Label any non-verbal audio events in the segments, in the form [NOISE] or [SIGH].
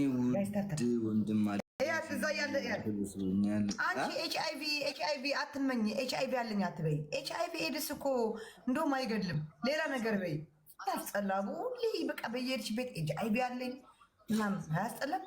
ውድ ወንድም አይ ቪ አትመኝ። ኤች አይ ቪ አለኝ አትበይ። ኤች አይ ቪ ኤድስ እኮ እንደውም አይገድልም፣ ሌላ ነገር በይ። አያስጠላም። ሁሌ በቃ በየሄድሽ ቤት ኤች አይ ቪ አለኝ ምናምን አያስጠላም።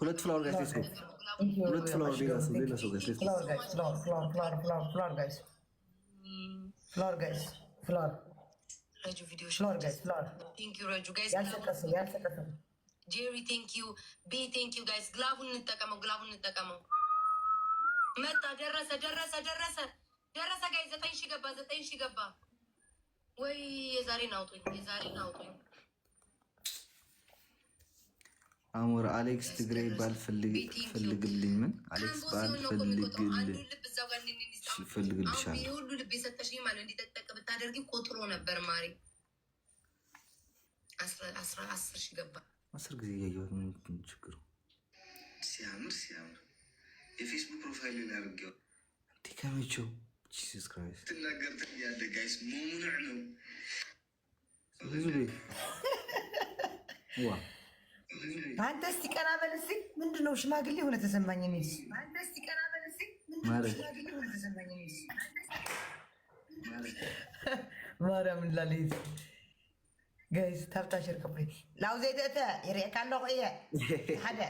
ሁለት ፍላወር ጋይስ ሌትስ ጎ ሁለት ፍላወር ሌላስ ሌላስ ጋይስ ሌትስ ፍላወር ጋይስ ፍላወር ፍላወር ፍላወር ፍላወር ፍላወር ጋይስ ፍላወር ጋይስ ፍላወር ረጁ ቪዲዮ ፍላወር ጋይስ ፍላወር ቴንክ ዩ ረጁ ጋይስ ያልሰቀሰ ያልሰቀሰ ጄሪ ቴንክ ዩ ቢ ቴንክ ዩ ጋይስ ግላቡን እንጠቀመው ግላቡን እንጠቀመው መጣ ደረሰ ደረሰ ደረሰ ደረሰ ጋይስ ዘጠኝ ሺህ ገባ ዘጠኝ ሺህ ገባ ወይ የዛሬን አውጡኝ የዛሬን አውጡኝ አሞር አሌክስ ትግራይ ባል ፈልግልኝ። ምን አሌክስ ባል ፈልግልሻል። ሁሉ ልብ የሰጠሽኝ ማለት እንዲጠጠቅ ብታደርጊ ቆጥሮ ነበር። ማሪ አስር ሺህ ገባ። አስር ጊዜ እያየሁት ምን ችግሩ? ሲያምር ሲያምር የፌስቡክ ፕሮፋይል ያደርገው እንዲ ከመቼው ጂሱስ ክራይስት ትናገር ያለ ጋይስ መሙንዕ ነው ብዙ [LAUGHS] ዋ አንተ እስቲ ቀና በል እስቲ። ምንድን ነው ሽማግሌ ሆነ ተሰማኝ። ኔስ ማርያም ላለ ጋይዝ ታብታ ሽርከ ላውዘ ደእተ ይርኤካ ኣለኹ እየ ሓደ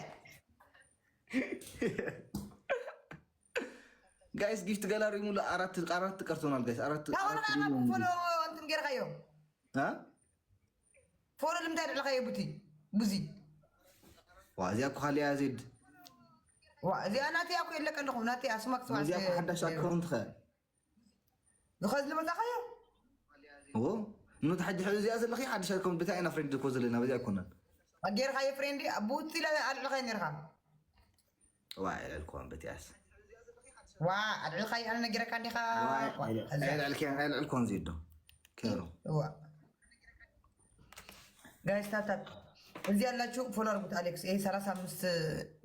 ጋይስ ጊፍት ገላሪ ሙሉ አራት አራት ቀርቶናል። ጋይስ አራት አራት ፎሎ ጌርካዮ አ ፎሎ ልምታ ደልካዮ ቡቲ ቡዚ እዚኣ እኮ ካሊኣ እዚኣ ናተያ ኮ የለ ቀለኹም ናተያ ስማ ክትባእዚኣ ሓዳሽ ኣካውንት ኸ ንኸዚ ልመፃኸዮ ንታሓጅ ሕዚ እዚኣ ዘለኺ ሓድሽ ኣካውንት ብታይ ኢና ፍሬንድ ኮ ዘለና በዚኣ ኣይኮነን ጌርካየ ፍሬንዲ ብውፅኢላ ኣልዕልኸ ነርካ ዋዕልልክዋን በትያስ ዋ ኣልዕልካ ኣነ ነገረካ ዲኻ ኣልዕልክዋን ዜዶ ጋይስታታት እዚህ ያላችሁ ፎሎ አርጉት አሌክስ ይሄ ሰላሳ አምስት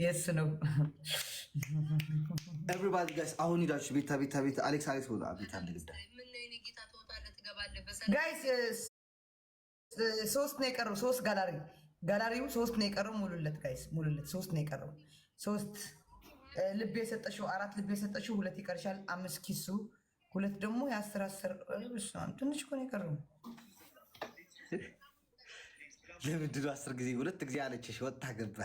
የእሱ ነው። ኤቭሪባዲ ጋይስ አሁን ሄዳችሁ ቤታ ቤታ ቤታ አሌክስ አሌክስ ቤታ ጋይስ ሶስት ነው የቀረው። ሶስት ጋላሪ ጋላሪው ሶስት ነው የቀረው። ሙሉለት ጋይስ ሙሉለት። ሶስት ነው የቀረው። ሶስት ልብ የሰጠሽው አራት ልብ የሰጠሽው ሁለት ይቀርሻል። አምስት ኪሱ ሁለት ደግሞ የአስር አስር ትንሽ እኮ ነው የቀረው። ለምንድን ነው አስር ጊዜ ሁለት ጊዜ አለችሽ? ወጣ ገባ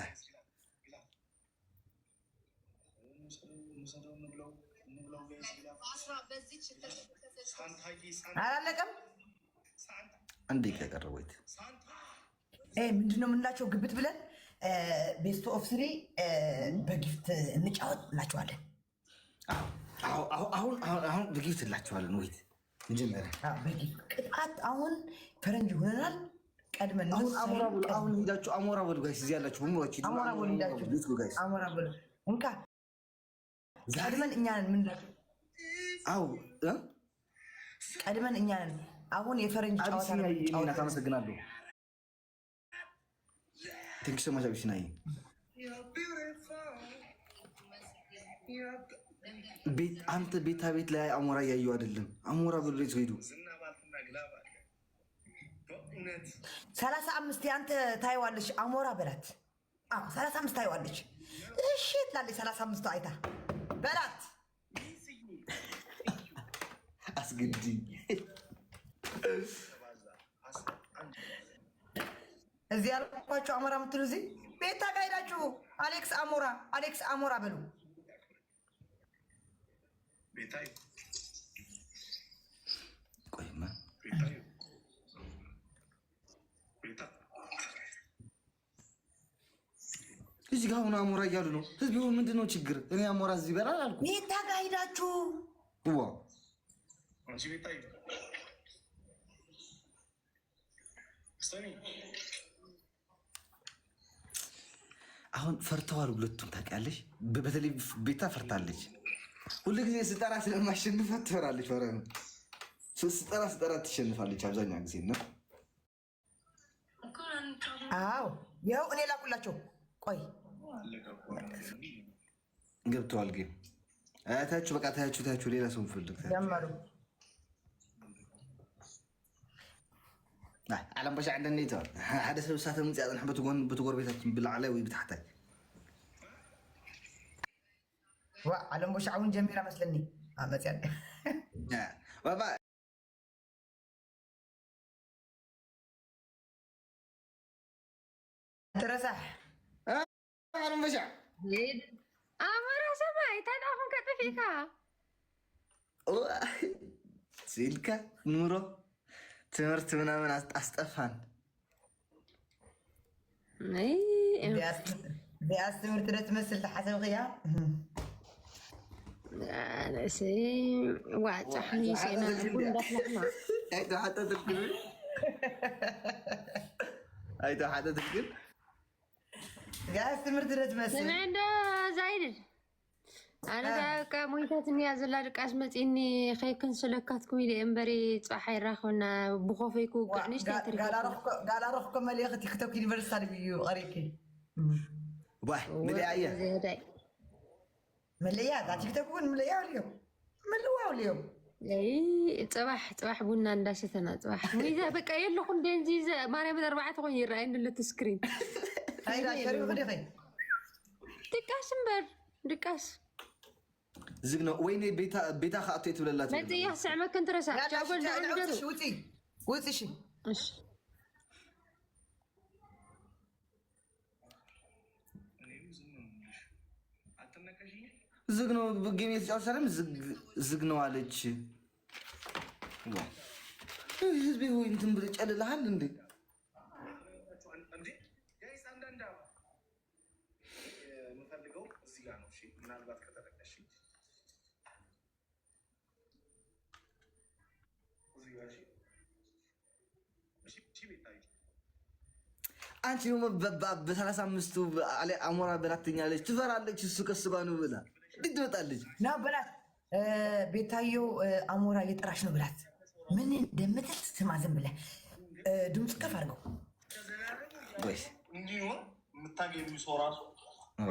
አላለቀም እንዴ? ከቀረበይት ምንድን ነው የምንላቸው? ግብት ብለን ቤስት ኦፍ ስሪ በጊፍት እንጫወት እንላቸዋለን። አሁን በጊፍት እንላቸዋለን። ወይት መጀመሪያ ቅጣት። አሁን ፈረንጅ ይሆነናል ቀድመን አሁን ሄዳችሁ አሞራ በሉ ጋይስ፣ እዚህ ያላችሁ በሙላችሁ አሞራ በሉ እንካ ቀድመን እኛ ነን። ምን አው ቀድመን እኛ ነን። አሁን የፈረንጅ ጨዋታ ነው። አመሰግናለሁ። ቴንክ ሶ ማች አቢሲናዬ። አንተ ቤታ ቤት ላይ አሞራ እያየሁ አይደለም። አሞራ ብሎ ሄዱ ሰላሳ አምስት አንተ ታይዋለች፣ አሞራ በላት። ሰላሳ አምስት ታይዋለች። እሺ ትላለች። ሰላሳ አምስቱ አይታ በላት አስገድኝ። እዚህ ያልኳቸው አሞራ የምትሉ እዚህ ቤት ታካሄዳችሁ። አሌክስ አሞራ፣ አሌክስ አሞራ በሉ እዚህ ጋር ሆኖ አሞራ እያሉ ነው። ህዝብ ይሁን ምንድን ነው ችግር? እኔ አሞራ እዚህ ይበላል አልኩ። ቤታ ጋር ሄዳችሁ አሁን ፈርተዋል ሁለቱም። ታውቂያለሽ፣ በተለይ ቤታ ፈርታለች። ሁሉ ጊዜ ስጠራ ስለማሸንፋት ትፈራለች። ፈረ ስጠራ ስጠራ ትሸንፋለች አብዛኛው ጊዜ ነው። አዎ፣ ይኸው እኔ ላኩላቸው ቆይ ገብተዋል። ግን ታያችሁ፣ በቃ ታያችሁ፣ ታያችሁ። ሌላ ሰው እንፈልግ። ዓለም በሻ ዓንደኒ ይተዋል ሓደ ሰብ ሳተ ምፅ ያፅንሕ በቲ ቤታችን ብላዕላይ ወይ ብታሕታይ ዓለም በሻ እውን ጀሚራ መስለኒ መፅያ ስኢልካ ኑሮ ትምህርቲ ምናምን ኣስጠፋን ቢኣስ ትምህርቲ ዶ ትመስል ተሓሰብክያ ንእሰይ ዋዕፃሕኒ ሴና እንዳትናሕና ኣይተሓጠ ትርክብ ኣይተሓጠ ትርክብ ያስተምርት ረት መስል እኔ እንደዛ አይደል ኣነ በቃ ሞይታት እኒኣ ዘላ ደቂ ኣስመፂኒ ከይክን ስለካትኩም ኢለ እምበሪ ፀሓይ ይራኸብና ብኮፈይ ክውግዕ ንሽተይ ትርጋላረኽኮ መልእኽቲ ክተኩ ዩኒቨርስቲ ኣድብ እዩ ቀሪብኪ ዋህ ምልያ እያ ምልያ እዛ ቲክቶክ እውን ምልያ ልዮም ምልዋ ልዮም ፅባሕ ፅባሕ ቡና እንዳሰተና ፅባሕ በቃ የለኹን ደንዚ ማርያምን ኣርባዕተ ኮይኑ ይረኣየኒ ኣሎ ትስክሪን ድቃስ እምበር ድቃስ ዝግ ነው። ወይኔ ቤታ ከኣቶ የትብለላት መፅያ ስዕመ ክንትረሳ ውፅእ ዝግ ነው። ጌም የተጫወተ አይደለም። ዝግ ነው አለች። ህዝቤ ወይ እንትን ብለህ ጨልልሃል እንዴ? ጋር ነው። ምናልባት ከተረቀሽ አንቺ ደግሞ በሰላሳ አምስቱ አሞራ በላት ትኛለች፣ ትፈራለች። እሱ ከሱ ጋር ነው ብላ እንዴት ትመጣለች? ና በላት ቤታየው አሞራ እየጠራች ነው ብላት ምን እንደምትል ስማ። ዝም ብለህ ድምፅ ከፍ አድርገው እንዲሁ የምታገኙ ሰው ራሱ